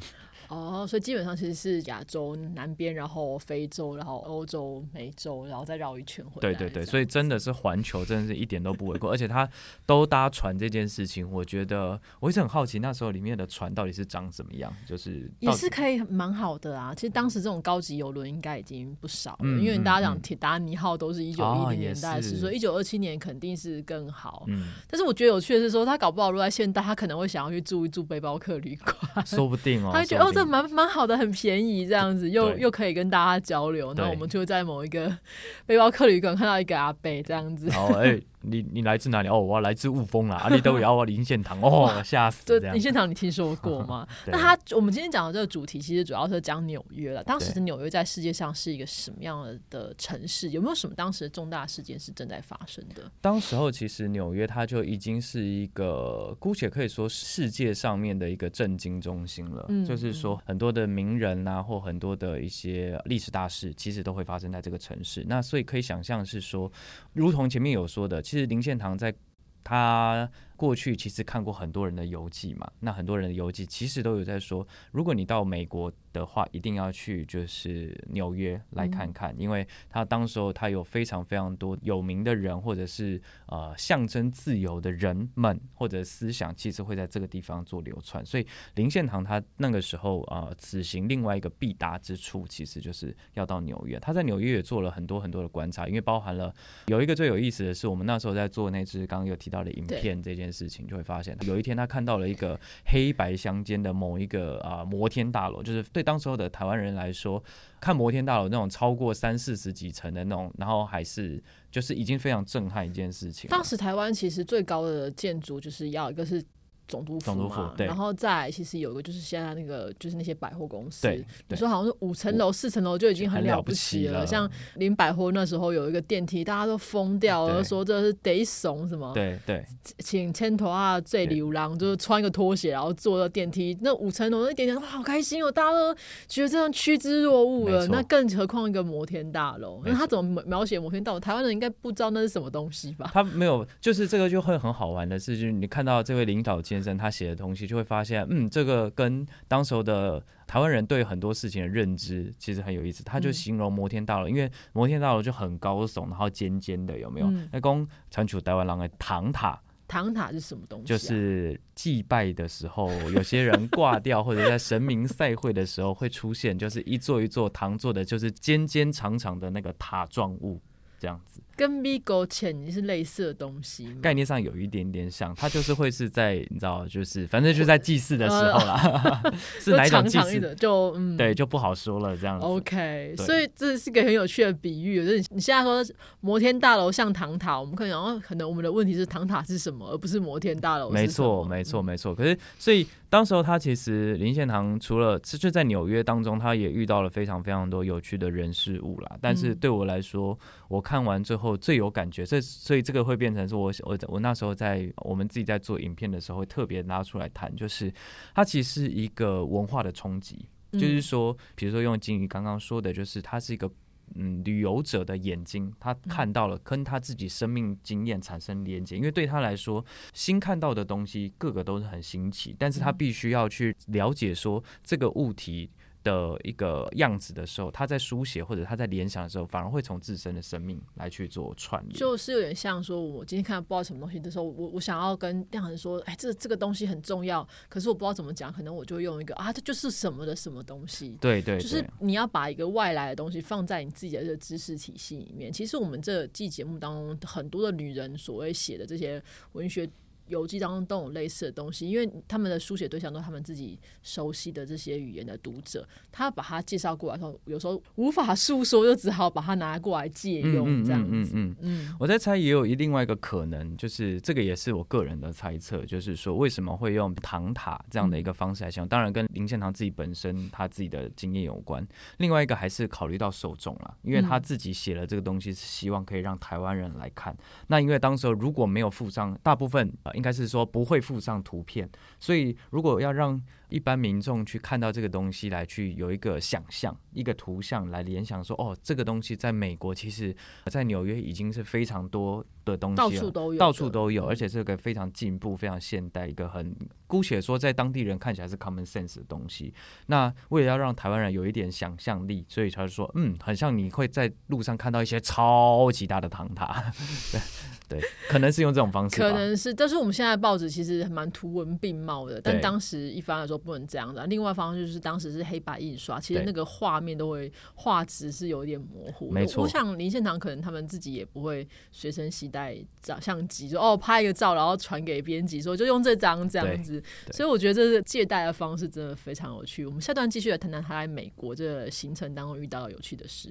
哦，所以基本上其實是亞洲南邊，然後非洲，然後歐洲，歐洲、美洲，然後再繞一圈回來。對對對，所以真的是環球，真的是一點都不為過。 [LAUGHS] 而且他都搭船這件事情，我覺得我一直很好奇，那時候裡面的船到底是長什麼樣？就是也是可以蠻好的啊。其實當時這種高級遊輪應該已經不少了，嗯、因為大家講鐵達尼號都是一九一零年代時，是說一九二七年肯定是更好。嗯，但是我覺得有趣的是說，他搞不好如果在現代，他可能會想要去住一住背包客旅館，說不定哦，他會覺得哦這。蠻蠻好的，很便宜，這樣子又又可以跟大家交流。那我們就在某一個背包客旅館看到一個阿伯，這樣子。 [LAUGHS] 你你來自哪裡？哦，我來自霧峰啦、啊。 [LAUGHS] 啊，你都有啊。林獻堂哦，嚇死！對，林獻堂你聽說過嗎？ [LAUGHS] 那他，我們今天講的這個主題其實主要是講紐約了。當時的紐約在世界上是一個什麼樣的城市？有沒有什麼當時的重大的事件是正在發生的？當時候其實紐約它就已經是一個，姑且可以說世界上面的一個震驚中心了，嗯嗯。就是說很多的名人啊，或很多的一些歷史大事，其實都會發生在這個城市。那所以可以想象是說，如同前面有說的。是林獻堂在他。過去其實看過很多人的遊記嘛，那很多人的遊記其實都有在說，如果你到美國的話，一定要去就是紐約來看看。嗯，因為他當時候他有非常非常多有名的人，或者是呃象徵自由的人們或者思想，其實會在這個地方做流傳。所以林獻堂他那個時候啊，呃，此行另外一個必達之處，其實就是要到紐約。他在紐約也做了很多很多的觀察，因為包含了有一個最有意思的是，我們那時候在做那支剛剛有提到的影片這件。件事情就會發現，有一天他看到了一個黑白相間的某一個啊摩天大樓，就是對當時的台灣人來說，看摩天大樓那種超過三四十幾層的那種，然後還是就是已經非常震撼一件事情。當時台灣其實最高的建築就是要一個是。總督府嘛，府，然後再其實有個就是現在那個就是那些百貨公司對對，你說好像是五層樓、四層樓就已經很了不起了。了起了像林百貨那時候有一個電梯，大家都瘋掉了、啊，說這是得慫什麼？對對，請千頭啊最流浪，就是穿個拖鞋，然後坐到電梯那五層樓一點點哇，好開心哦！大家都覺得這樣趨之若鶩了。那更何況一個摩天大樓？那他怎麼描寫摩天大樓？台灣人應該不知道那是什麼東西吧？他沒有，就是這個就會很好玩的是，就是你看到這位領導。先生他寫的東西就會發現，嗯，這個跟當時候的台灣人對很多事情的認知其實很有意思。他就形容摩天大樓，嗯，因為摩天大樓就很高聳，然後尖尖的，有沒有？那公闡述台灣人的糖塔，糖塔是什麼東西啊？就是祭拜的時候，有些人掛掉 [LAUGHS] 或者在神明賽會的時候會出現，就是一座一座糖做的，就是尖尖長長的那個塔狀物，這樣子。跟 Vigo 潛你是類似的東西，概念上有一點點像，他就是會是在你知道，就是反正就是在祭祀的時候啦， [LAUGHS] 是哪場祭祀 [LAUGHS] 就，長長就，嗯，對，就不好說了，這樣子。OK，所以這是一個很有趣的比喻。就是你現在說摩天大樓像唐塔，我們可能、哦，可能我們的問題是唐塔是什麼，而不是摩天大樓。沒錯，沒錯，沒錯。可是所以當時候他其實林獻堂除了就是在紐約當中，他也遇到了非常非常多有趣的人事物啦。但是對我來說，嗯、我看完最後。後最有感覺，所以所以這個會變成是我我我那時候在我們自己在做影片的時候，會特別拿出來談，就是它其實是一個文化的衝擊，嗯，就是說，比如說用金魚剛剛說的，就是它是一個嗯旅遊者的眼睛，他看到了跟他自己生命經驗產生連接，因為對他來說，新看到的東西個個都是很新奇，但是他必須要去了解說這個物體。的一個樣子的時候，他在書寫或者他在聯想的時候，反而會從自身的生命來去做串聯。就是有點像說，我今天看到不知道什麼東西的時候，我我想要跟這樣人說，哎，這這個東西很重要，可是我不知道怎麼講，可能我就用一個啊，這就是什麼的什麼東西。對,對對，就是你要把一個外來的東西放在你自己的這個知識體系裡面。其實我們這季節目當中很多的女人所謂寫的這些文學。遊記當中都有類似的東西，因為他們的書寫對象都是他們自己熟悉的這些語言的讀者，他把他介紹過來，說有時候無法訴說，就只好把它拿過來借用，嗯、這樣子。嗯嗯嗯，嗯。我在猜也有另外一個可能，就是這個也是我個人的猜測，就是說為什麼會用唐塔這樣的一個方式來寫，嗯？當然跟林獻堂自己本身他自己的經驗有關，另外一個還是考慮到受眾了，因為他自己寫了這個東西是希望可以讓台灣人來看。嗯、那因為當時候如果沒有附上，大部分。應該是說不會附上圖片，所以如果要讓。一般民眾去看到這個東西來去有一個想象、一個圖像來聯想說，哦，這個東西在美國其實，在紐約已經是非常多的東西了，到處都有，到處都有，而且是一個非常進步、非常現代一個很姑且說，在當地人看起來是 common sense 的東西。那為了要讓台灣人有一點想象力，所以他就說，嗯，很像你會在路上看到一些超級大的唐塔 [LAUGHS] 對，對，可能是用這種方式，可能是。但是我們現在的報紙其實還蠻圖文並茂的，但當時一般來說。不能這樣子啊。另外一方面就是，當時是黑白印刷，其實那個畫面都會畫質是有點模糊。沒錯，我想林獻堂可能他們自己也不會隨身攜帶照相機，就哦拍一個照，然後傳給編輯說就用這張這樣子。所以我覺得這是借代的方式，真的非常有趣。我們下段繼續來談談他在美國這個行程當中遇到有趣的事。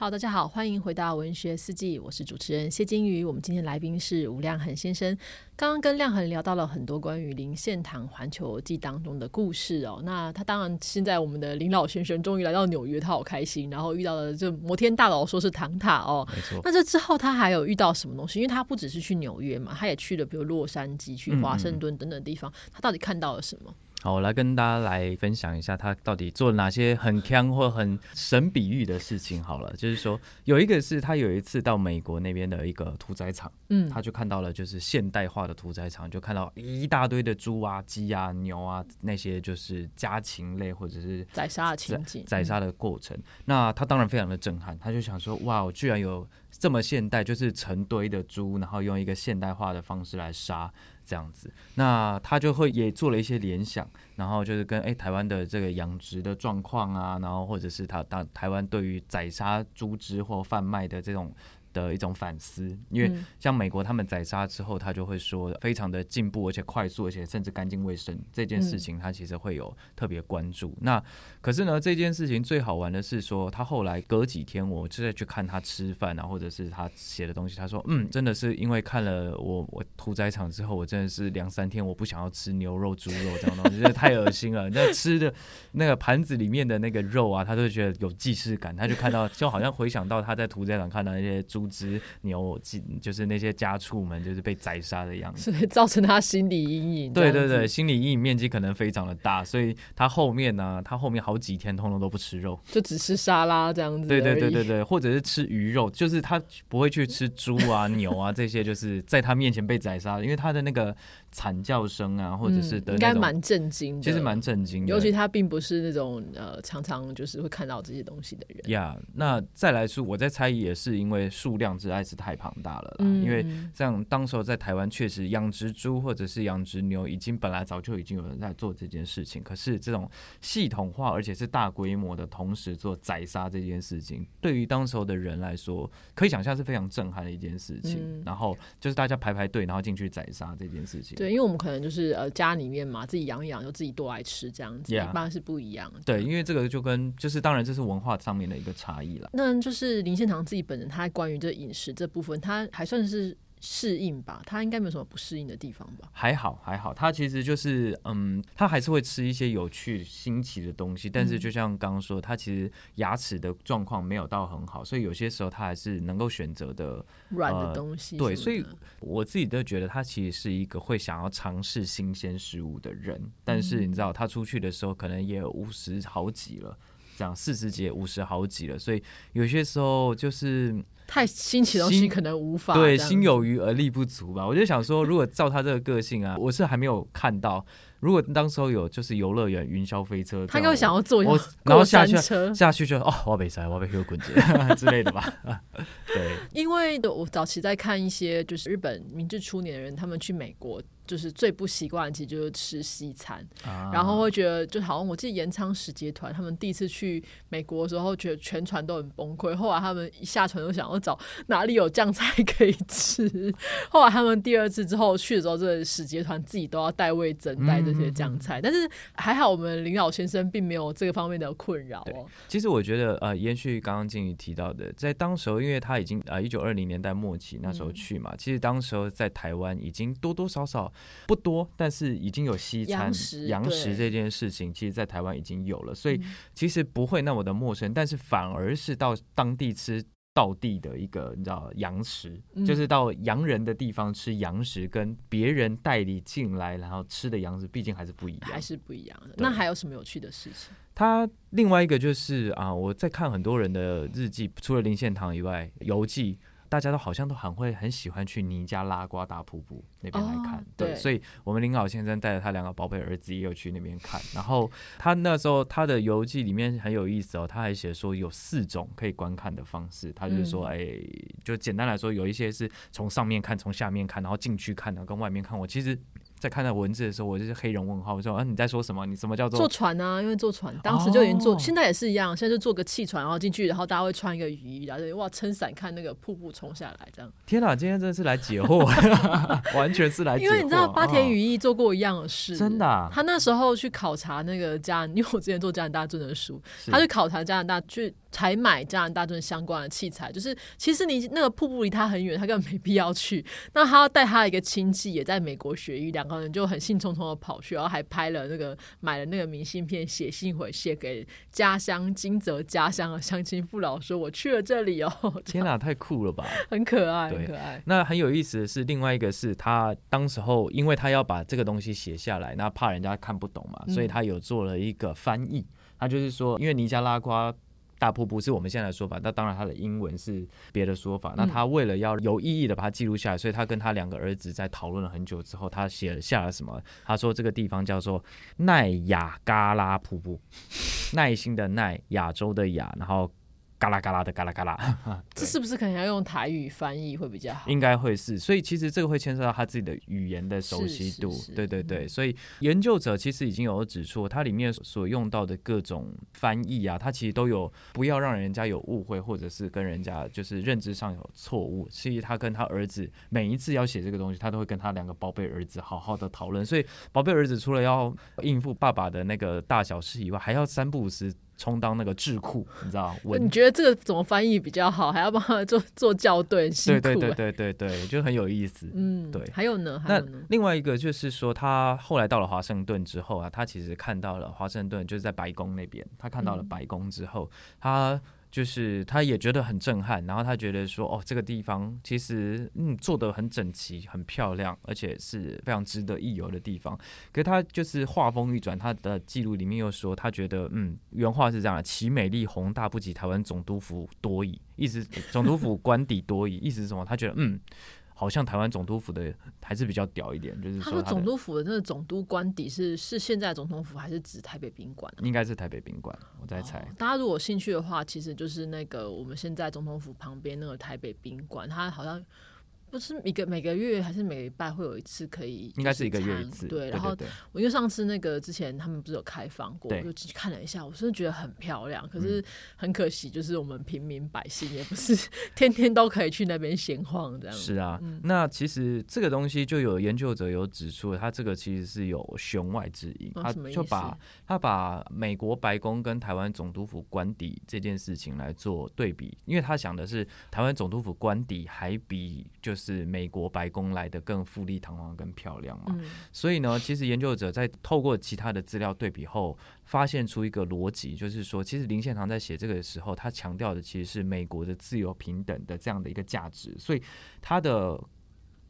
好，大家好，歡迎回到文學四季，我是主持人謝金魚。我們今天來賓是吳亮衡先生。剛剛跟亮衡聊到了很多關於林獻堂環球記當中的故事哦。那他當然，現在我們的林老先生終於來到紐約，他好開心。然後遇到了這摩天大樓，說是唐塔哦。沒錯。那這之後他還有遇到什麼東西？因為他不只是去紐約嘛，他也去了比如洛杉磯、去華盛頓等等地方，嗯。他到底看到了什麼？好，我來跟大家來分享一下他到底做了哪些很坑或很神比喻的事情。好了，就是說有一個是他有一次到美國那邊的一個屠宰場，嗯，他就看到了就是現代化的屠宰場，就看到一大堆的豬啊、雞啊、牛啊，那些就是家禽類或者是宰殺的情景、宰殺的過程。嗯，那他當然非常的震撼，他就想說：哇，我居然有這麼現代，就是成堆的豬，然後用一個現代化的方式來殺。這樣子，那他就會也做了一些聯想，然後就是跟誒、欸、台灣的這個養殖的狀況啊，然後或者是他當台灣對於宰殺、豬只或販賣的這種。的一種反思，因為像美國他們宰殺之後，他就會說非常的進步，而且快速，而且甚至乾淨衛生這件事情，他其實會有特別關注。嗯、那可是呢，這件事情最好玩的是說，他後來隔幾天，我就在去看他吃飯啊，或者是他寫的東西，他說：“嗯，真的是因為看了我我屠宰場之後，我真的是兩三天我不想要吃牛肉、豬肉這樣東西，太惡心了。 [LAUGHS] 那吃的那個盤子裡面的那個肉啊，他都覺得有既視感，他就看到就好像回想到他在屠宰場看到那些豬。”隻牛，就是那些家畜們，就是被宰殺的樣子，所以造成他心理陰影。對對對，心理陰影面積可能非常的大，所以他後面呢、啊，他後面好幾天通通都不吃肉，就只吃沙拉這樣子。對對對對對，或者是吃魚肉，就是他不會去吃豬啊、 [LAUGHS] 牛啊這些，就是在他面前被宰殺，因為他的那個慘叫聲啊，或者是、嗯、應該蠻震驚，其實蠻震驚的，尤其他並不是那種呃常常就是會看到這些東西的人。呀、yeah,，那再來說我在猜疑，也是因為。數量之外是太龐大了啦，嗯、因為像當時候在台灣確實養殖豬或者是養殖牛，已經本來早就已經有人在做這件事情。可是這種系統化而且是大規模的同時做宰殺這件事情，對於當時候的人來說，可以想象是非常震撼的一件事情。嗯、然後就是大家排排隊，然後進去宰殺這件事情。對，因為我們可能就是呃家裡面嘛，自己養一養，又自己多來吃這樣子，yeah, 一般是不一樣。對。對，因為這個就跟就是當然這是文化上面的一個差異了。那就是林獻堂自己本人他還關於的飲食這部分，他還算是適應吧，他應該沒有什麼不適應的地方吧？還好，還好，他其實就是，嗯，他還是會吃一些有趣、新奇的東西，但是就像剛剛說，他其實牙齒的狀況沒有到很好，所以有些時候他還是能夠選擇的軟的東西、呃是是的。對，所以我自己都覺得他其實是一個會想要嘗試新鮮食物的人，但是你知道，他出去的時候可能也有五十好幾了。講四十幾五十好幾了，所以有些時候就是太新奇東西可能無法對，心有餘而力不足吧。我就想說，如果照他這個個性啊，我是還沒有看到。如果當時候有就是遊樂園雲霄飛車，他應該想要坐一下。我然後下去下去就哦滑被賽、我被球滾接之類的吧。 [LAUGHS] 對，因為的我早期在看一些就是日本明治初年的人，他們去美國。就是最不習慣的，其實就是吃西餐、啊，然後會覺得就好像我記得岩倉使節團，他們第一次去美國的時候，會覺得全船都很崩潰。後來他們一下船就想要找哪裡有醬菜可以吃。後來他們第二次之後去的時候，這個使節團自己都要帶味增帶這些醬菜。嗯嗯、但是還好，我們林老先生並沒有這個方面的困擾、啊、其實我覺得，呃，延續剛剛靜怡提到的，在當時候，因為他已經呃，一九二零年代末期那時候去嘛，嗯、其實當時候在台灣已經多多少少。不多，但是已經有西餐洋食、洋食這件事情，其實，在台灣已經有了，所以其實不會那麼的陌生。嗯、但是反而是到當地吃道地的一個，你知道洋食、嗯，就是到洋人的地方吃洋食，跟別人帶你進來然後吃的洋食，畢竟還是不一樣，還是不一樣的。那還有什麼有趣的事情？他另外一個就是啊，我在看很多人的日記，除了林獻堂以外遊記。大家都好像都很會很喜歡去尼加拉瓜大瀑布那邊來看，oh, 對，對，所以我們林老先生帶着他兩個寶貝兒子也有去那邊看。然後他那時候他的遊記裡面很有意思哦，他還寫說有四種可以觀看的方式，他就是說，哎、嗯欸，就簡單來說，有一些是從上面看，從下面看，然後進去看，然後跟外面看。我其實。在看到文字的時候，我就是黑人問號。我說啊，你在說什麼？你什麼叫做坐船啊？因為坐船，當時就已經坐，哦、現在也是一樣，現在就坐個汽船，然後進去，然後大家會穿一個雨衣，然後就哇，撐傘看那個瀑布沖下來，這樣。天哪、啊，今天真的是來解惑， [LAUGHS] [LAUGHS] 完全是來解惑。因為你知道，八田與一做過一樣的事，哦、真的、啊。他那時候去考察那個加拿，因為我之前做加拿大政治的書，他去考察加拿大去。才買加拿大這相關的器材，就是其實你那個瀑布離他很遠，他根本沒必要去。那他要帶他一個親戚也在美國學醫，兩個人就很興沖沖的跑去，然後還拍了那個買了那個明信片，寫信回寫給家鄉金澤家鄉的鄉親父老，說我去了這裡哦。天哪、啊，太酷了吧！ [LAUGHS] 很可愛，很可愛。那很有意思的是，另外一個是他當時候，因為他要把這個東西寫下來，那怕人家看不懂嘛，所以他有做了一個翻譯、嗯。他就是說，因為尼加拉瓜。大瀑布是我們現在的說法，那當然他的英文是別的說法。那他為了要有意義的把它記錄下來，所以他跟他兩個兒子在討論了很久之後，他寫下了什麼？他說這個地方叫做奈亞嘎拉瀑布，耐心的奈，亞洲的亞，然後。嘎啦嘎啦的，嘎啦嘎啦，這是不是可能要用台語翻譯會比較好？應該會是，所以其實這個會牽涉到他自己的語言的熟悉度，是是是，對對對。所以研究者其實已經有指出，他裡面所用到的各種翻譯啊，他其實都有不要讓人家有誤會，或者是跟人家就是認知上有錯誤。所以他跟他兒子每一次要寫這個東西，他都會跟他兩個寶貝兒子好好的討論。所以寶貝兒子除了要應付爸爸的那個大小事以外，還要三不五時。充當那個智庫，你知道？你覺得這個怎麼翻譯比較好？還要幫他做做校對，辛苦欸，對對對對對，就很有意思。 [LAUGHS] 嗯，對。還有呢？還有呢？那另外一個就是說，他後來到了華盛頓之後啊，他其實看到了華盛頓，就是在白宮那邊。他看到了白宮之後，嗯、他。就是他也覺得很震撼，然後他覺得說，哦，這個地方其實嗯做得很整齊、很漂亮，而且是非常值得一遊的地方。可是他就是話鋒一轉，他的記錄裡面又說，他覺得嗯，原話是這樣，其美麗宏大不及台灣總督府多矣。意思總督府官邸多矣， [LAUGHS] 意思是什麼？他覺得嗯。好像台灣總督府的還是比較屌一點，就是說，他說總督府的那個總督官邸是是現在總統府，還是指台北賓館啊？應該是台北賓館，我在猜，哦。大家如果興趣的話，其實就是那個我們現在總統府旁邊那個台北賓館，它好像。不是一個每個月還是每個禮拜會有一次可以。應該是一個月一次，對，對，對，對，然後我因為上次那個之前他們不是有開放過，我就去看了一下，我真的覺得很漂亮。可是很可惜，就是我們平民百姓也不是 [LAUGHS] 天天都可以去那邊閒晃，這樣子。是啊、嗯，那其實這個東西就有研究者有指出，他這個其實是有弦外之音，哦，他就把什麼意思？他把美國白宮跟台灣總督府官邸這件事情來做對比，因為他想的是台灣總督府官邸還比就是。是美國白宮來的更富麗堂皇、更漂亮嘛？所以呢，其實研究者在透過其他的資料對比後，發現出一個邏輯，就是說，其實林獻堂在寫這個的時候，他強調的其實是美國的自由平等的這樣的一個價值，所以他的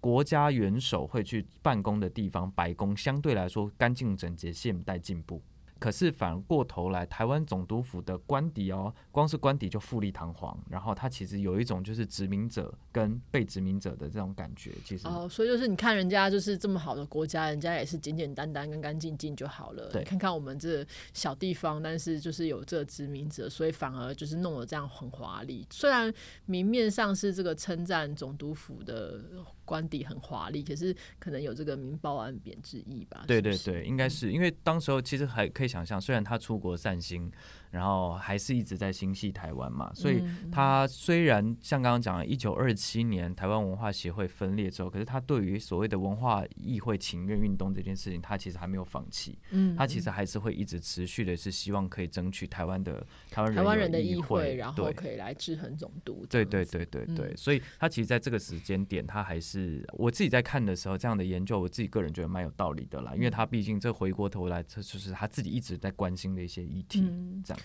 國家元首會去辦公的地方——白宮，相對來說乾淨整潔、現代進步。可是反過頭來，台灣總督府的官邸哦，光是官邸就富麗堂皇，然後它其實有一種就是殖民者跟被殖民者的這種感覺，其實哦，所以就是你看人家就是這麼好的國家，人家也是簡簡單單、乾乾淨淨就好了。對，看看我們這小地方，但是就是有這殖民者，所以反而就是弄得這樣很華麗。雖然明面上是這個稱讚總督府的。官邸很華麗，可是可能有這個明褒暗貶之意吧？對對對是是，應該是，因為當時候其實還可以想象，雖然他出國散心。然後還是一直在心繫台灣嘛，所以他雖然像剛剛講了一九二七年台灣文化協會分裂之後，可是他對於所謂的文化議會請願運動這件事情，他其實還沒有放棄。嗯，他其實還是會一直持續的，是希望可以爭取台灣的台灣人，台灣人的議會，然後可以來制衡總督。對對對對對，對、嗯，所以他其實在這個時間點，他還是我自己在看的時候，這樣的研究我自己個人覺得蠻有道理的啦，因為他畢竟這回過頭來，這就是他自己一直在關心的一些議題。這、嗯、樣。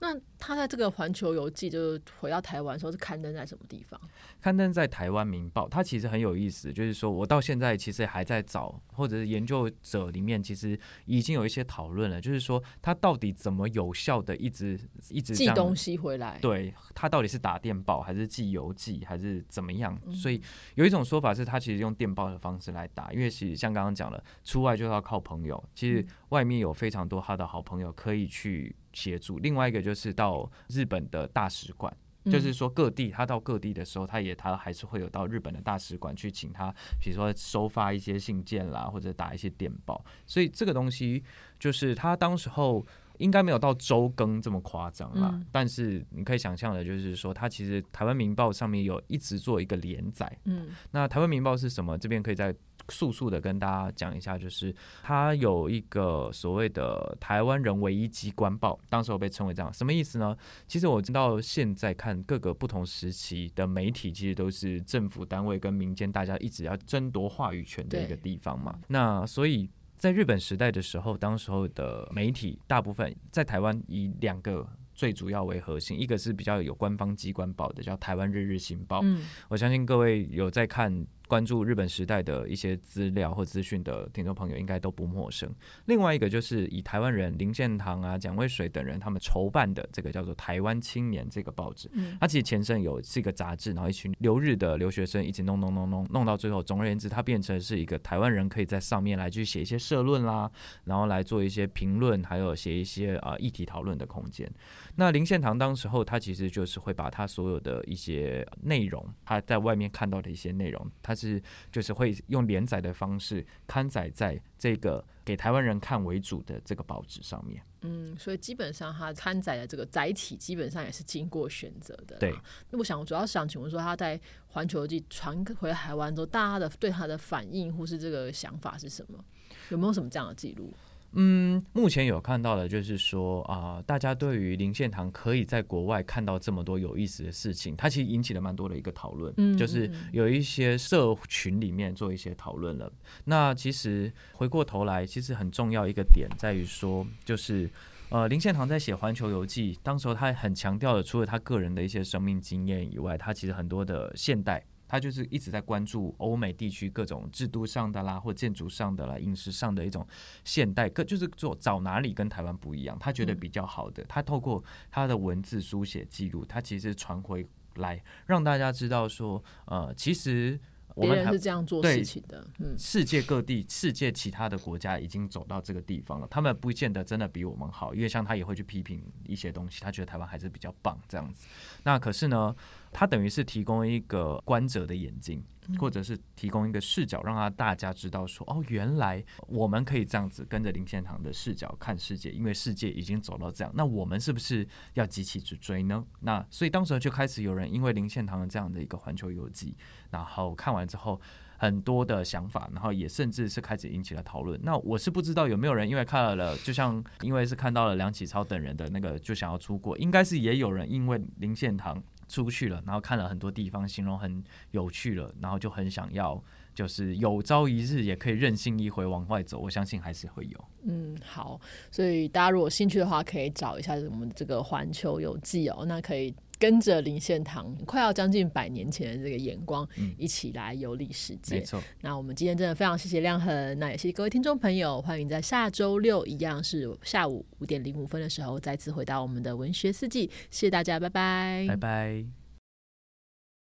那他在這個環球遊記就回到台灣的時候是刊登在什麼地方？刊登在台灣《民報》。他其實很有意思，就是說我到現在其實還在找，或者是研究者裡面其實已經有一些討論了，就是說他到底怎麼有效的一直一直寄東西回來？對，他到底是打電報還是寄郵寄還是怎麼樣、嗯？所以有一種說法是他其實用電報的方式來打，因為其實像剛剛講的，出外就是要靠朋友，其實外面有非常多他的好朋友可以去。協助，另外一個就是到日本的大使館、嗯，就是說各地他到各地的時候，他也他還是會有到日本的大使館去請他，比如說收發一些信件啦，或者打一些電報。所以這個東西就是他當時候應該沒有到周更這麼誇張啦、嗯。但是你可以想象的，就是說他其實台灣民報上面有一直做一個連載。嗯，那台灣民報是什麼？這邊可以在。速速的跟大家講一下，就是他有一個所謂的台灣人唯一機關報，當時我被稱為這樣，什麼意思呢？其實我直到現在看各個不同時期的媒體，其實都是政府單位跟民間大家一直要爭奪話語權的一個地方嘛。那所以在日本時代的時候，當時候的媒體大部分在台灣以兩個最主要為核心，一個是比較有官方機關報的，叫《台灣日日新報》嗯。我相信各位有在看。關注日本時代的一些資料或資訊的聽眾朋友應該都不陌生。另外一個就是以台灣人林獻堂啊、蔣渭水等人他們籌辦的這個叫做《台灣青年》這個報紙，他其實前身有是一個雜誌，然後一群留日的留學生一起弄弄弄弄弄、弄、弄到最後，總而言之，它變成是一個台灣人可以在上面來去寫一些社論啦，然後來做一些評論，還有寫一些啊議題討論的空間。那林獻堂當時候他其實就是會把他所有的一些內容，他在外面看到的一些內容，他。是，就是會用連載的方式刊載在這個給台灣人看為主的這個報紙上面。嗯，所以基本上他刊載的這個載體基本上也是經過選擇的。對，那我想，我主要想請問說，他在環球遊記傳回台灣之後，大家的對他的反應或是這個想法是什麼？有沒有什麼這樣的記錄？嗯，目前有看到的就是說啊、呃，大家對於林獻堂可以在國外看到這麼多有意思的事情，他其實引起了蠻多的一個討論、嗯嗯，就是有一些社群裡面做一些討論了。那其實回過頭來，其實很重要一個點在於說，就是呃，林獻堂在寫《環球遊記》當時候，他很強調的，除了他個人的一些生命經驗以外，他其實很多的現代。他就是一直在關注歐美地區各種制度上的啦，或建築上的啦，飲食上的一種現代，就是做找哪裡跟台灣不一樣，他覺得比較好的。嗯、他透過他的文字書寫記錄，他其實傳回來讓大家知道說，呃，其實我們人是這樣做事情的。嗯，世界各地、世界其他的國家已經走到這個地方了，他們不見得真的比我們好，因為像他也會去批評一些東西，他覺得台灣還是比較棒這樣子。那可是呢，他等於是提供一個觀者的眼睛，或者是提供一個視角，讓他大家知道說，哦，原來我們可以這樣子跟着林獻堂的視角看世界，因為世界已經走到這樣，那我們是不是要急起直追呢？那所以當時就開始有人因為林獻堂的這樣的一個環球遊記，然後看完之後很多的想法，然後也甚至是開始引起了討論。那我是不知道有沒有人因為看了，就像因為是看到了梁啟超等人的那個，就想要出國，應該是也有人因為林獻堂。出去了，然後看了很多地方，形容很有趣了，然後就很想要，就是有朝一日也可以任性一回往外走。我相信還是會有。嗯，好，所以大家如果興趣的話，可以找一下我們這個《環球遊記》哦，那可以。跟着林獻堂快要將近百年前的這個眼光，嗯、一起來遊歷世界。沒錯，那我們今天真的非常謝謝亮衡，那也謝謝各位聽眾朋友，歡迎在下周六一樣是下午五點零五分的時候再次回到我們的文學四季，謝謝大家，拜拜，拜拜。